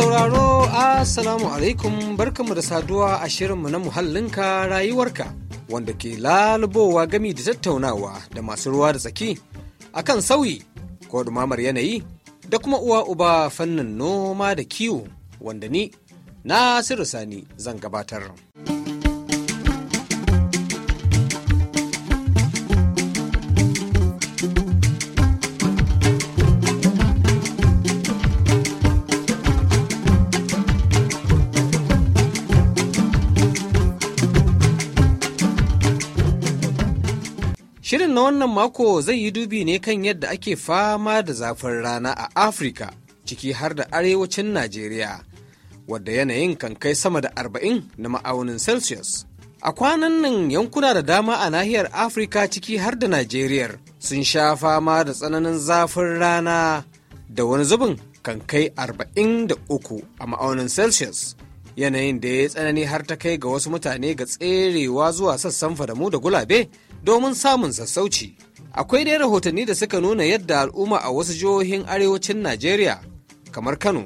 sauraro Assalamu alaikum barkamu da saduwa a shirinmu na muhallinka rayuwarka wanda ke lalubowa gami da tattaunawa da masu ruwa da tsaki akan sauyi ko dumamar yanayi da kuma uwa uba fannin noma da kiwo wanda ni na Sani zan gabatar. Shirin na wannan mako zai yi dubi ne kan yadda ake fama da zafin rana a Afirka ciki har da arewacin Najeriya, wadda yanayin kan kai sama da arba'in na ma'aunin Celsius. A kwanan nan yankuna da dama a nahiyar Afirka ciki har da Najeriya sun sha fama da tsananin zafin rana da wani zubin kan kai arba'in da uku a ma'aunin Celsius. Yanayin da ya yi tsanani har ta kai ga wasu mutane ga tserewa zuwa sassan fadamu da gulabe domin samun sassauci. Akwai dai rahotanni da suka nuna yadda al'umma a wasu jihohin arewacin Najeriya kamar Kano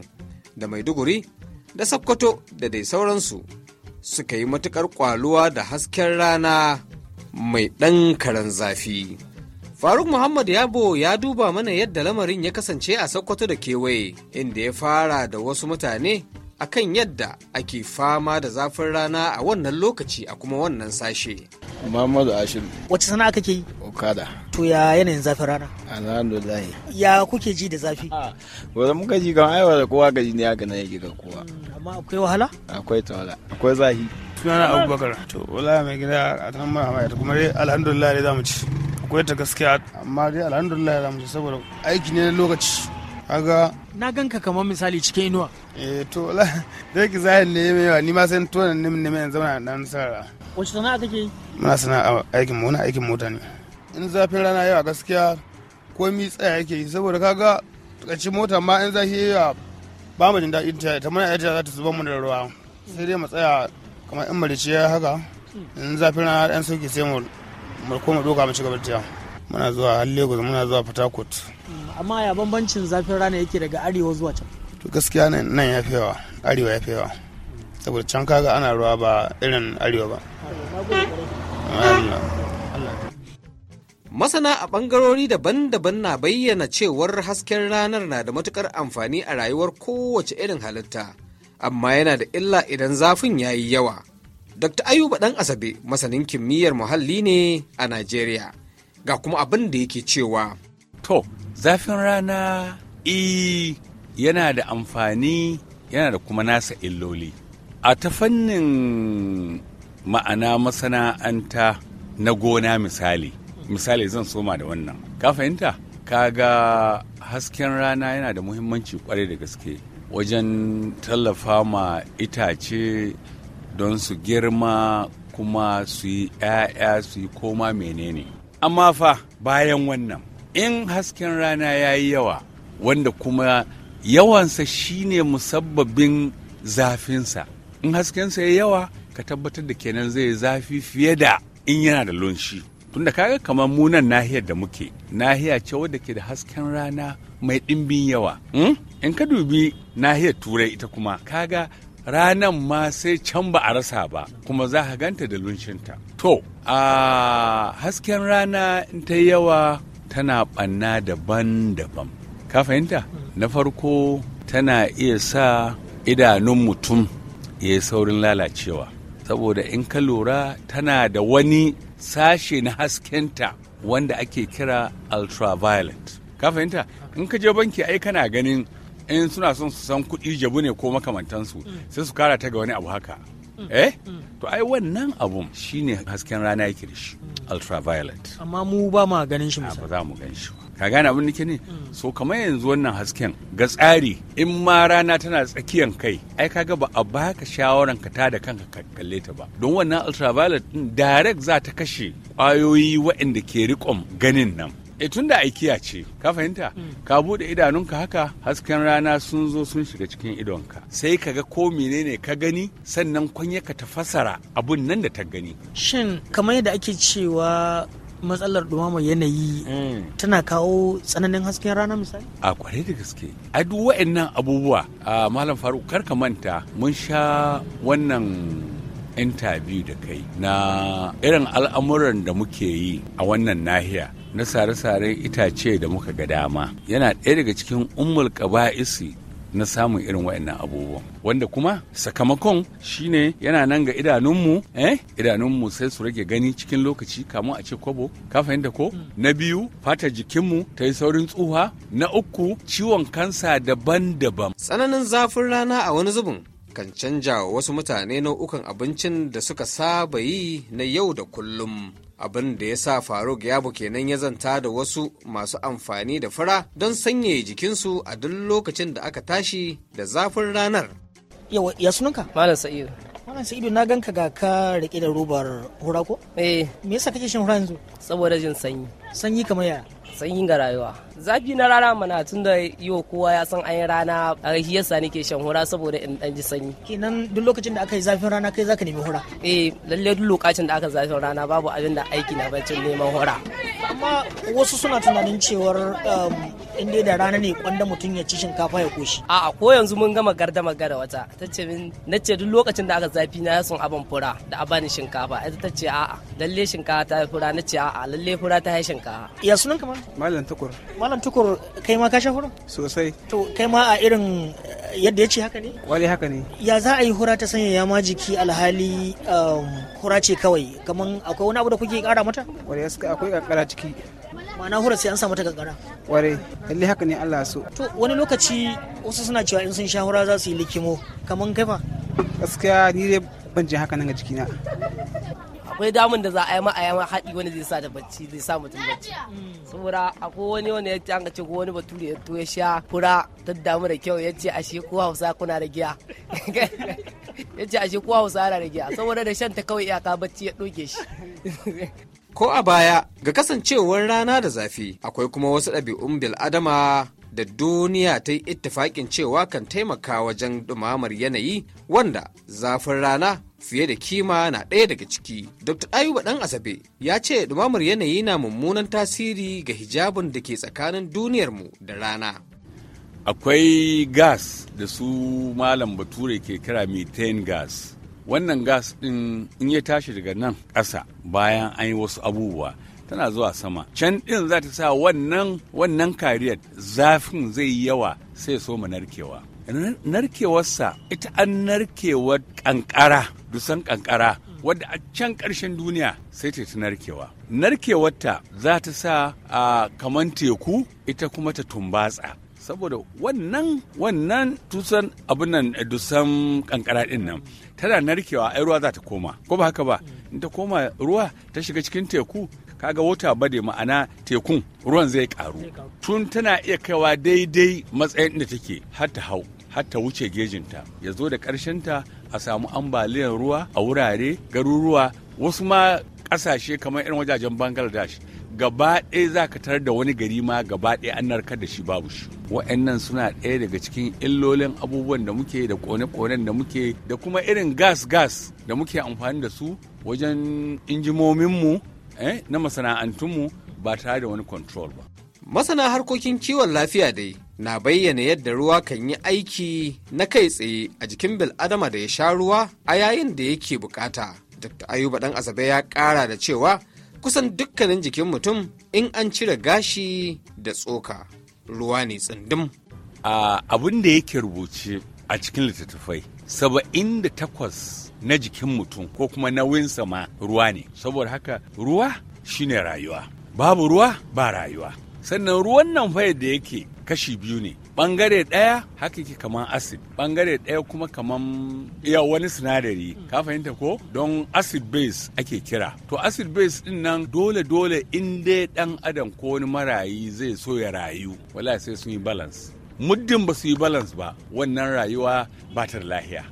da Maiduguri da Sokoto da dai sauransu suka yi matukar kwaluwa da hasken rana mai ɗan karen zafi. Faruk Muhammad Yabo ya duba mana yadda lamarin ya kasance a Sokoto da kewaye inda ya fara da wasu mutane akan yadda ake fama da zafin rana a wannan lokaci a kuma wannan sashe. Muhammadu Ashiru. Wace sana'a kake yi? Okada. To ya yanayin zafin rana? Alhamdulillah. Ya kuke ji da zafi? Ah, wanda muka ji kan aiwa da kowa gaji ne haka na yake ga kowa. Hmm, amma akwai wahala? Akwai tawala. Akwai zafi. Sunana Abubakar. To wala mai gida a tanan mara mai kuma dai alhamdulillah dai zamu ci. Akwai ta gaskiya amma dai alhamdulillah zamu ci saboda aiki ne na lokaci. kaga na ganka kamar misali cikin inuwa eh to la da ki zai ne mai ni ma san to nan ne mai zama nan sarara wace sana'a kake yi muna sana'a aikin mu na aikin mota ne in zafin rana yawa gaskiya ko mi tsaya yake yi saboda kaga kaci mota ma in zafi yawa ba mu jin ita ta mana ita za ta zuba mu da ruwa sai dai mu tsaya kamar in marice haka hmm. in zafin rana ɗan sauki sai mu mu koma doka mu ci gaba da muna zuwa har lagos muna zuwa port amma ya bambancin zafin rana yake daga arewa zuwa can to gaskiya nan ya fi yawa arewa ya fi yawa saboda can kaga ana ruwa ba irin arewa ba Masana a ɓangarori daban-daban na bayyana cewar hasken ranar na da matukar amfani a rayuwar kowace irin halitta, amma yana da illa idan zafin ya yi yawa. Dr. Ayuba ɗan Asabe masanin kimiyyar muhalli ne a Najeriya. ga kuma abin da yake cewa. To, zafin rana e yana da amfani yana da kuma nasa illoli. A ta fannin ma'ana masana'anta na gona misali, misali zan soma da wannan. Ka fahimta? Kaga hasken rana yana da muhimmanci kwarai da gaske wajen tallafa ma itace don su girma kuma su yi 'ya'ya su yi koma menene amma fa bayan wannan in hasken rana ya yi yawa wanda kuma yawansa shine musabbabin zafinsa in haskensa ya yawa ka tabbatar da kenan zai zafi fiye da in yana da lunshi tunda kaga kamar munan nahiyar da muke nahiya ce wadda ke da hasken rana mai ɗimbin yawa hmm? in ka dubi nahiyar turai ita kuma kaga ranan ma sai can ba a rasa ba kuma za ka ganta da lunshinta to a hasken rana in ta yawa tana ɓanna daban-daban ka fahimta na farko tana iya sa idanun mutum ya yi saurin lalacewa saboda in ka lura tana da wani sashe na haskenta wanda ake kira ultraviolet ka fahimta in ka je banki ai kana ganin in suna son su san kuɗi jabu ne ko makamantansu mm. sai su kara ta ga wani abu haka mm. eh mm. to ai wannan abun shine hasken rana yake da shi ultraviolet amma mu ba ma ganin shi ba za mu gan shi ka gane abin nake ne so kamar yanzu wannan hasken ga tsari in ma rana tana tsakiyan kai ai ga ba a baka shawaran ka ta da kanka ka kalle ta ba don wannan ultraviolet direct za ta kashe kwayoyi waɗanda ke rikon ganin nan e eh, tun da aikiya ce ka fahimta hmm. ka bude idanunka haka hasken rana sun zo sun shiga cikin idonka sai ka ga ko menene ka gani sannan kwanya ka ta fasara abun nan da ta gani shin kamar yadda ake cewa matsalar dumama yanayi hmm. tana kawo tsananin hasken rana misali? A kware da gaske. A duk wa'annan abubuwa a Malam Faruk ka manta mun sha wannan interview da kai na irin al'amuran da muke yi a wannan nahiya na sare-saren itace da muka ga dama yana ɗaya daga cikin ummul qaba'isi na samun irin waɗannan abubuwan wanda kuma sakamakon shine yana nan ga idanunmu eh idanunmu sai su rage gani cikin lokaci kamun a ce kwabo ka da ko hmm. na biyu fata jikinmu ta yi saurin tsuha na uku ciwon kansa daban-daban tsananin zafin rana a wani zubin kan canja wasu mutane nau'ukan abincin da suka saba yi na yau da kullum abin da ya sa faruk yabo kenan ya zanta da wasu masu amfani da fura don sanyaya jikinsu a duk lokacin da aka tashi da zafin ranar ya sunanka malam sa'idu Wannan sai ido na ganka ga ka rike da robar hura ko? Eh. Me yasa kake shan hura yanzu? Saboda jin sanyi. Sanyi kamar ya? Sanyi ga rayuwa. Zafi na rana mana tun da yau kowa ya san an rana a shi yasa nake shan hura saboda in dan ji sanyi. Kenan duk lokacin da aka yi zafin rana kai zaka nemi hura? Eh, lalle duk lokacin da aka zafin rana babu abin da aiki na bacin neman hura. amma wasu suna tunanin cewar um, in dai da rana ne kwanda mutum ya ci shinkafa ya koshi a'a ko yanzu mun gama garda magana wata ta ce min na ce duk lokacin da aka zafi na sun abin fura da a bani shinkafa ita ta ce a'a lalle shinkafa ta yi fura na ce a'a lalle fura ta yi shinkafa ya sunan kamar malam tukur malam tukur kai ma ka sha fura sosai to kai ma a irin yadda ya ce haka ne wale haka ne ya za a yi hura ta sanya yama jiki alhali um, hura ce kawai kamar akwai wani abu da kuke kara mata wale akwai kankara ciki ma'ana hura sai an samu ta kankara Kwale, lalle haka ne Allah so to wani lokaci wasu suna cewa in sun sha hura za su yi likimo kamar kai fa gaskiya ni dai ban jin haka nan ga jikina akwai damun da za a yi ma a yi ma haɗi wani zai sa da bacci zai sa mutum bacci mm. saboda akwai wani wani ya ce an ce ko wani bature ya to ya sha fura ta damu da kyau ya ce ashe ko hausa kuna da giya ya ce ashe ko hausa yana da giya saboda da shan ta kawai iyaka bacci ya ɗoke shi ko a baya ga kasancewar rana da zafi akwai kuma wasu ɗabi'un bil'adama da duniya ta yi ittifaƙin cewa kan taimaka wajen ɗumamar yanayi wanda zafin rana fiye da kima na ɗaya daga ciki. Dr. Ayuba ɗan Asabe ya ce ɗumamar yanayi na mummunan tasiri ga hijabin da ke tsakanin duniyarmu da rana. Akwai gas da su malam bature ke kira methane gas. Wannan gas ɗin in ya tashi daga nan ƙasa bayan an yi wasu abubuwa tana zuwa sama can ɗin za ta sa wannan wannan kariyar zafin zai yi yawa sai so mu narkewa narkewarsa ita an narkewar kankara dusan kankara wadda a can ƙarshen duniya sai ta ta narkewa narkewarta za ta sa a kaman teku ita kuma ta tumbatsa saboda wannan wannan tusan abin nan dusan kankara din nan tana narkewa ai ruwa za ta koma ko ba haka ba in ta koma ruwa ta shiga cikin teku kaga wata bade ma'ana tekun ruwan zai karu tun tana iya kaiwa daidai matsayin da take har ta hau har ta wuce gejinta ya zo da ta a samu ambaliyar ruwa a wurare garuruwa wasu ma ƙasashe kamar irin wajajen bangladesh gaba ɗaya za ka tarar da wani gari ma gaba ɗaya an narkar da shi babu shi wa'annan suna ɗaya daga cikin illolin abubuwan da muke da kone-konen da muke da kuma irin gas gas da muke amfani da su wajen injimominmu Eh, na masana'antunmu ba tare da wani control ba. Masana harkokin kiwon lafiya dai na bayyana yadda ruwa kan yi aiki na kai tsaye a jikin bil'adama da ya sha ruwa a yayin da yake bukata. Dr. Ayuba Dan Azabe ya kara da cewa kusan dukkanin jikin mutum in an cire gashi da tsoka ruwa ne tsindim. Uh, Abin da yake rubuce a cikin littattafai saba'in da takwas na jikin mutum ko kuma nauyinsa ma ruwa ne saboda haka ruwa shine rayuwa babu ruwa ba rayuwa sannan ruwan nan fa da yake kashi biyu ne bangare ɗaya haka yake kaman acid bangare ɗaya kuma kaman iya wani sinadari ka fahimta ko don acid base ake kira to acid base din nan dole dole in dai dan adam ko wani marayi zai so ya rayu wala sai sun yi balance muddin ba su yi balance ba wannan rayuwa ba ta lahiya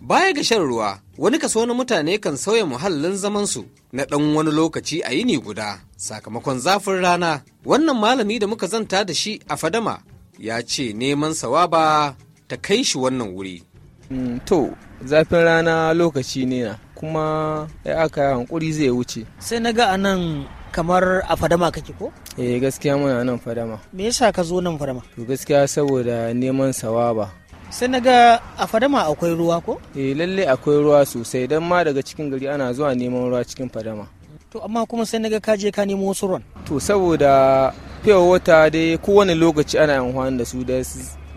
baya ga shan ruwa wani kaso na mutane kan sauya muhallin zamansu na ɗan wani lokaci a yini guda sakamakon zafin rana wannan malami da muka zanta da shi a fadama ya ce neman sawaba ta kai shi wannan wuri mm, to zafin rana lokaci ne na kuma ya aka hankuri zai wuce sai na ga anan kamar a fadama kake ko? Eh gaskiya muna nan fadama. Me yasa ka zo nan fadama? To gaskiya saboda neman sawaba. Sai naga a fadama akwai ruwa ko? Eh lalle akwai ruwa sosai don ma daga cikin gari ana zuwa neman ruwa cikin fadama. To amma kuma sai naga ka je ka nemo wasu ruwan. To saboda fiye wata dai kowane lokaci ana amfani da su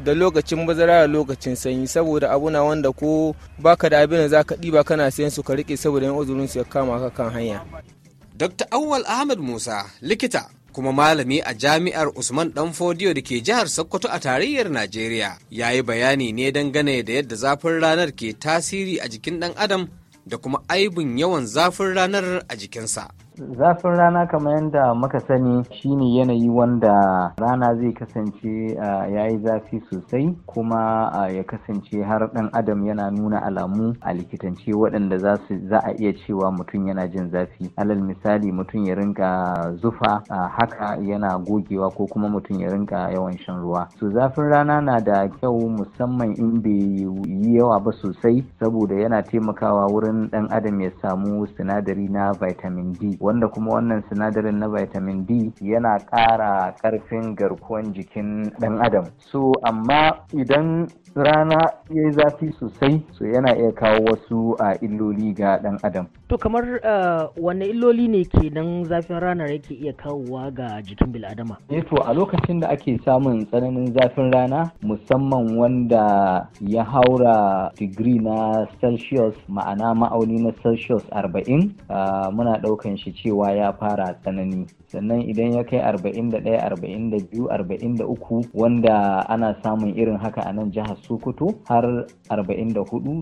da lokacin bazara da lokacin sanyi saboda abuna wanda ko baka da abin da zaka diba kana sayan su ka rike saboda yan uzurin su ya kama ka kan hanya. Dr. Awwal Ahmad Musa, likita kuma malami a jami'ar Usman Danfodiyo da ke jihar Sokoto a tarayyar Najeriya, ya yi bayani ne dangane da yadda zafin ranar ke tasiri a jikin ɗan adam da kuma aibin yawan zafin ranar a jikinsa. Zafin rana kamar yadda muka sani shine yanayi wanda rana zai kasance ya yi zafi sosai kuma ya kasance har ɗan adam yana nuna alamu a likitance waɗanda za a iya cewa mutum yana jin zafi. Alal misali mutum ya rinka zufa haka yana gogewa ko kuma mutum ya rinka yawan shan ruwa. So zafin rana na da kyau musamman in bai yi yawa ba sosai saboda yana taimakawa wurin ɗan adam ya samu sinadari na vitamin D. wanda kuma wannan sinadarin na vitamin D yana ƙara ƙarfin garkuwan jikin ɗan adam. So amma idan rana ya yi zafi sosai so yana iya kawo wasu a illoli ga ɗan adam. To kamar wanne illoli ne ke nan zafin ranar yake iya kawowa ga jikin bil'adama? Eh to a lokacin da ake samun tsananin zafin rana musamman wanda ya haura digiri na celsius ma'ana ma'auni na celsius arba'in muna ɗaukan shi cewa ya fara tsanani sannan idan ya kai 41 42 uku, wanda ana samun irin haka a nan jihar sokoto har 44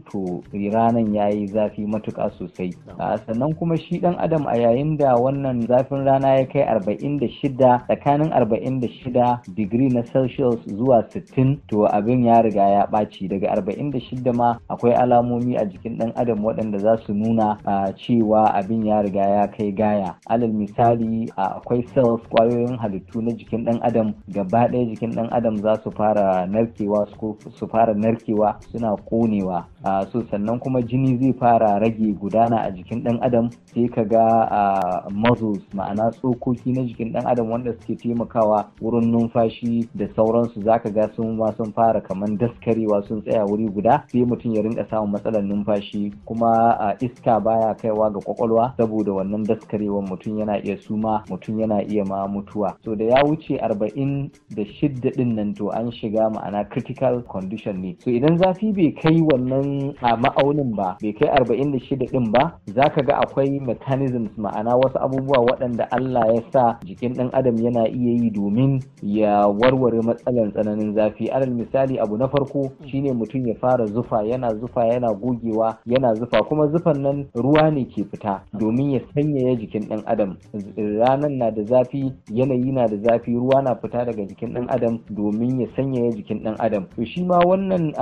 to ranan ya yi zafi matuka sosai ah, sannan kuma shi ɗan adam a yayin da wannan zafin rana ya kai 46 tsakanin 46 digiri na celsius zuwa sittin, to abin ya riga ya ɓaci daga 46 ma akwai alamomi a jikin ɗan adam waɗanda za su nuna ah, cewa abin ya riga ya kai gaya alal misali akwai cells kwayoyin halittu na jikin dan adam gaba ɗaya jikin dan adam za su fara narkewa su fara narkewa suna konewa a ah, so sannan kuma jini zai fara rage gudana a jikin ɗan adam sai ka ga a ah, muscles ma'ana tsokoki na jikin ɗan adam wanda suke taimakawa wurin numfashi da sauransu zaka ga sun ma sun fara kaman daskarewa sun tsaya wuri guda sai mutum ya rinka samun matsalar numfashi kuma ah, iska baya kaiwa ga kwakwalwa saboda wannan daskarewan mutum yana iya suma mutum yana iya ma mutuwa so da ya wuce arba'in da shidda din nan to an shiga ma'ana critical condition ne so idan zafi bai kai wannan a ma'aunin ba bai kai arba'in 46 din ba za ka ga akwai mechanisms ma'ana wasu abubuwa waɗanda Allah ya sa jikin ɗan adam yana iya yi domin ya warware matsalar tsananin zafi alal misali abu na farko shine mutum ya fara zufa yana zufa yana gogewa yana zufa kuma zufan nan ruwa ne ke fita domin ya sanyaya jikin ɗan adam ranan na da zafi yanayi na da zafi ruwa na fita daga jikin ɗan adam domin ya sanyaya jikin ɗan adam to shi ma wannan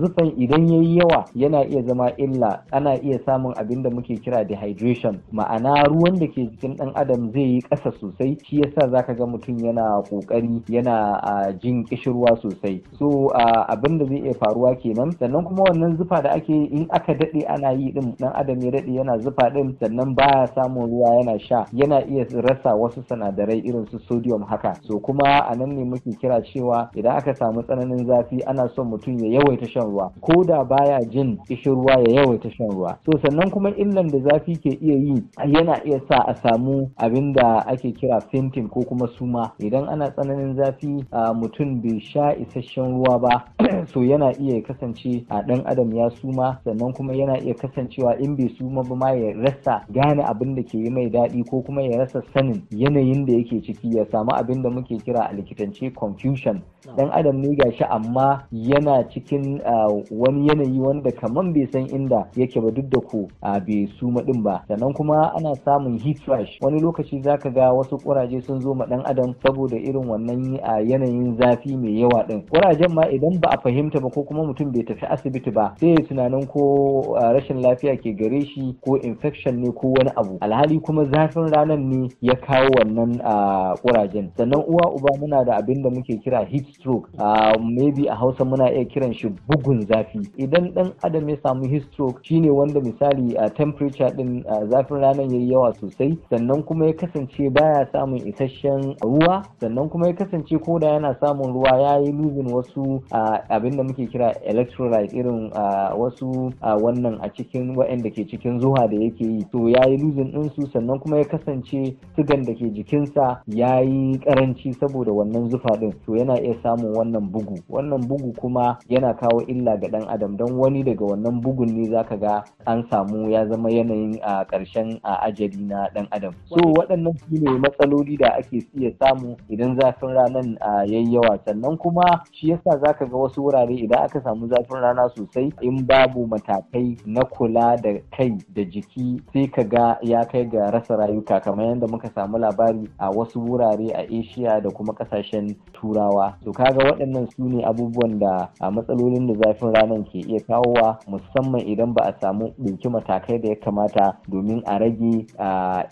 zufan idan ya yi yawa yawa yana iya zama illa ana iya samun abin da muke kira dehydration ma'ana ruwan da ke jikin ɗan adam zai yi ƙasa sosai shi yasa zaka ga mutum yana ƙoƙari yana jin ƙishirwa sosai so abin da zai iya faruwa kenan sannan kuma wannan zufa da ake in aka daɗe ana yi din ɗan adam ya daɗe yana zufa din sannan baya samun ruwa yana sha yana iya rasa wasu sinadarai irin su sodium haka so kuma a nan ne muke kira cewa idan aka samu tsananin zafi ana son mutum ya yawaita shan ruwa ko da baya yana jin kishirwa ya yawaita shan ruwa to sannan kuma illan da zafi ke iya yi yana iya sa a samu abin da ake kira fintin ko kuma suma idan ana tsananin zafi a mutum bai sha isasshen ruwa ba so yana iya kasance a dan adam ya suma sannan kuma yana iya kasancewa in bai suma ba ma ya rasa gane abin da ke yi mai daɗi ko kuma ya rasa sanin yanayin da yake ciki ya samu abin da muke kira a likitance confusion dan adam ne gashi amma yana cikin wani yanayi wanda kaman bai san inda yake ba duk da ku bai suma din ba sannan kuma ana samun heat rash wani lokaci zaka ga wasu kuraje sun zo ma dan adam saboda irin wannan yanayin zafi mai yawa din kurajen ma idan ba a fahimta ba ko kuma mutum bai tafi asibiti ba sai ya tunanin ko rashin lafiya ke gare shi ko infection ne ko wani abu alhali kuma zafin ranar ne ya kawo wannan kurajen sannan uwa uba muna da abin da muke kira heat stroke uh, maybe a hausa muna iya kiran shi bugun zafi idan dan adam ya samu stroke shine wanda misali a uh, temperature din uh, ah, zafin ranar yayi yawa sosai sannan kuma ya kasance baya samun isasshen ruwa sannan kuma ya kasance ko da yana samun ruwa ya yi lubin wasu ah, abin da muke kira electrolyte irin wasu wannan a cikin waɗanda ke cikin zuwa da yake yi to ya yi lubin ɗinsu sannan kuma ya kasance sugan da ke jikinsa ya yi ƙaranci saboda wannan zufa ɗin to yana iya samun wannan bugu wannan bugu kuma yana kawo illa ga dan adam don wani daga wannan bugun ne zaka ga an samu ya zama yanayin a ƙarshen a ajali na dan adam so waɗannan su ne matsaloli da ake iya samu idan zafin ranan a yawa sannan kuma shi yasa zaka ga wasu wurare idan aka samu zafin rana sosai in babu matakai na kula da kai da jiki sai ka ga ya kai ga rasa rayuka kamar yadda muka samu labari a wasu wurare a asia da kuma kasashen turawa to kaga waɗannan su ne abubuwan da a matsalolin da zafin ranar ke iya kawowa musamman idan ba a samu ɗauki matakai da ya kamata domin a rage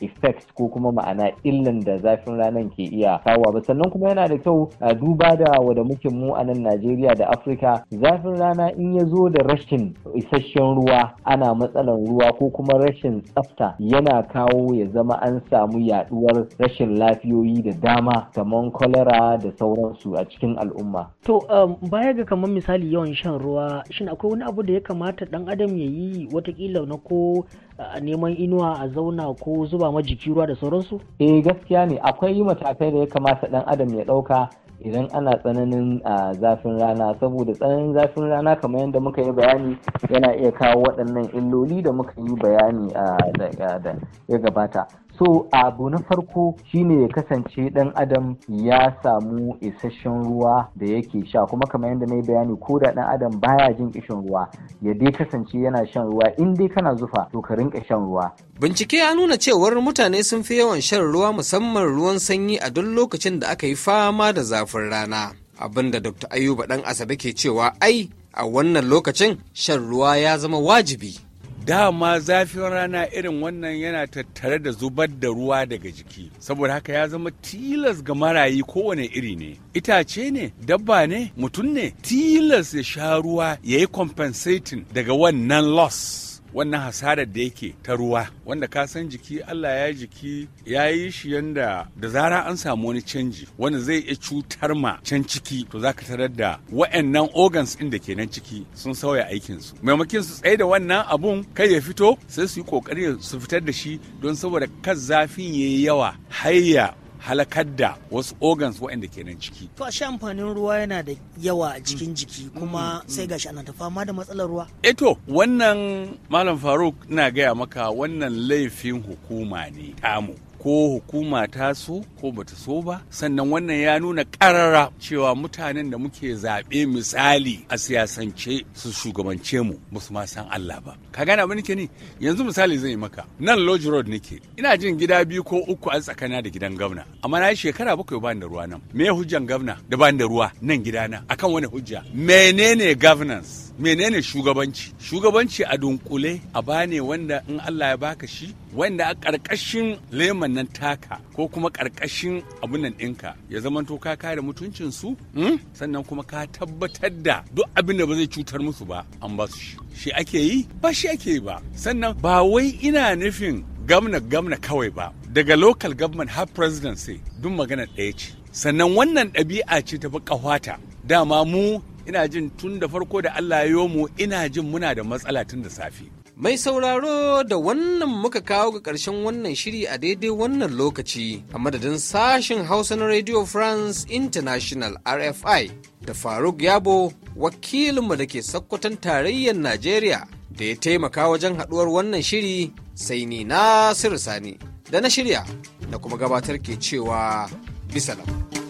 effect ko kuma ma'ana illan da zafin ranar ke iya kawowa ba sannan kuma yana da kyau a duba da wada muke mu a nan Najeriya da Afirka zafin rana in ya zo da rashin isasshen ruwa ana matsalan ruwa ko kuma rashin tsafta yana kawo ya zama an samu yaɗuwar rashin lafiyoyi da dama kamar kwalara da sauransu a cikin cikin al'umma. To um, baya ga kamar misali yawan shan ruwa shin akwai wani abu da ya kamata ɗan adam ya yi watakila na ko neman inuwa a zauna ko zuba ma jiki ruwa da sauransu? Eh gaskiya ne akwai matakai da ya kamata ɗan adam ya ɗauka idan ana tsananin zafin rana saboda tsananin zafin rana kamar yadda muka yi bayani yana iya kawo waɗannan illoli da muka yi bayani da ya gabata so abu na farko shine ya kasance ɗan adam ya samu isasshen ruwa da yake sha kuma kamar yadda na yi bayani ko da ɗan adam baya jin kishin ruwa ya dai kasance yana shan ruwa in dai kana zufa to ka rinka shan ruwa bincike ya nuna cewar mutane sun fi yawan shan ruwa musamman ruwan sanyi a duk lokacin da aka yi fama da zafin rana Abin da dr ayuba ɗan asabe ke cewa ai a wannan lokacin shan ruwa ya zama wajibi dama zafin rana irin wannan yana tattare da zubar da ruwa daga jiki saboda haka ya zama tilas ga marayi kowane iri ne itace ne dabba ne mutum ne tilas ya sha ruwa ya yi compensating daga wannan loss wannan hasarar da yake ta ruwa wanda ka san jiki Allah ya jiki ya yi shi yanda da zara an samu wani canji wanda zai iya cutar ma can ciki to zaka tarar da wa'annan organs ɗin da ke nan ciki sun sauya aikinsu. su maimakin su tsaye da wannan abun kai ya fito sai su yi kokari su fitar da shi don saboda kan zafin yayi yawa har halakar da wasu organs waɗanda ke nan ciki. To a shi amfanin ruwa yana da yawa a cikin jiki kuma mm, mm, mm. sai gashi ana ta fama da matsalar ruwa. Eto eh wannan Malam Faruk ina gaya maka wannan laifin hukuma ne tamu. ko hukuma ta so ko bata so ba sannan wannan ya nuna karara cewa mutanen da muke zaɓe misali a siyasance su shugabance mu ba su ma san Allah ba ka gane abin nake ni yanzu misali zan yi maka nan Lodge Road nake ina jin gida biyu ko uku a tsakana da gidan gwamna amma na yi shekara bakwai ba da ruwa nan me hujjan gwamna da ba da ruwa nan gidana akan wani hujja menene governance menene shugabanci shugabanci a dunkule a bane wanda in Allah ya baka shi wanda a ƙarƙashin leman nan taka ko kuma ƙarƙashin abun nan ɗinka ya zamanto ka kare mutuncin su hmm? sannan kuma ka tabbatar da duk abin da ba zai cutar musu ba an ba su shi ake yi ba shi ake yi ba sannan ba wai ina nufin gamna gamna kawai ba daga local government har presidency duk magana ɗaya ce sannan wannan ɗabi'a ce ta baƙa da dama mu ina jin tun da farko da Allah ya mu ina jin muna da matsala tun da safe. Mai sauraro da wannan muka kawo ga ƙarshen wannan shiri a daidai wannan lokaci a madadin sashen Hausa na Radio France International RFI da Faruk Yabo wakilinmu da ke sakkwatan tarayyar Najeriya da ya taimaka wajen haɗuwar wannan shiri sai ni Nasiru Sani da na shirya da kuma gabatar ke cewa bisalam.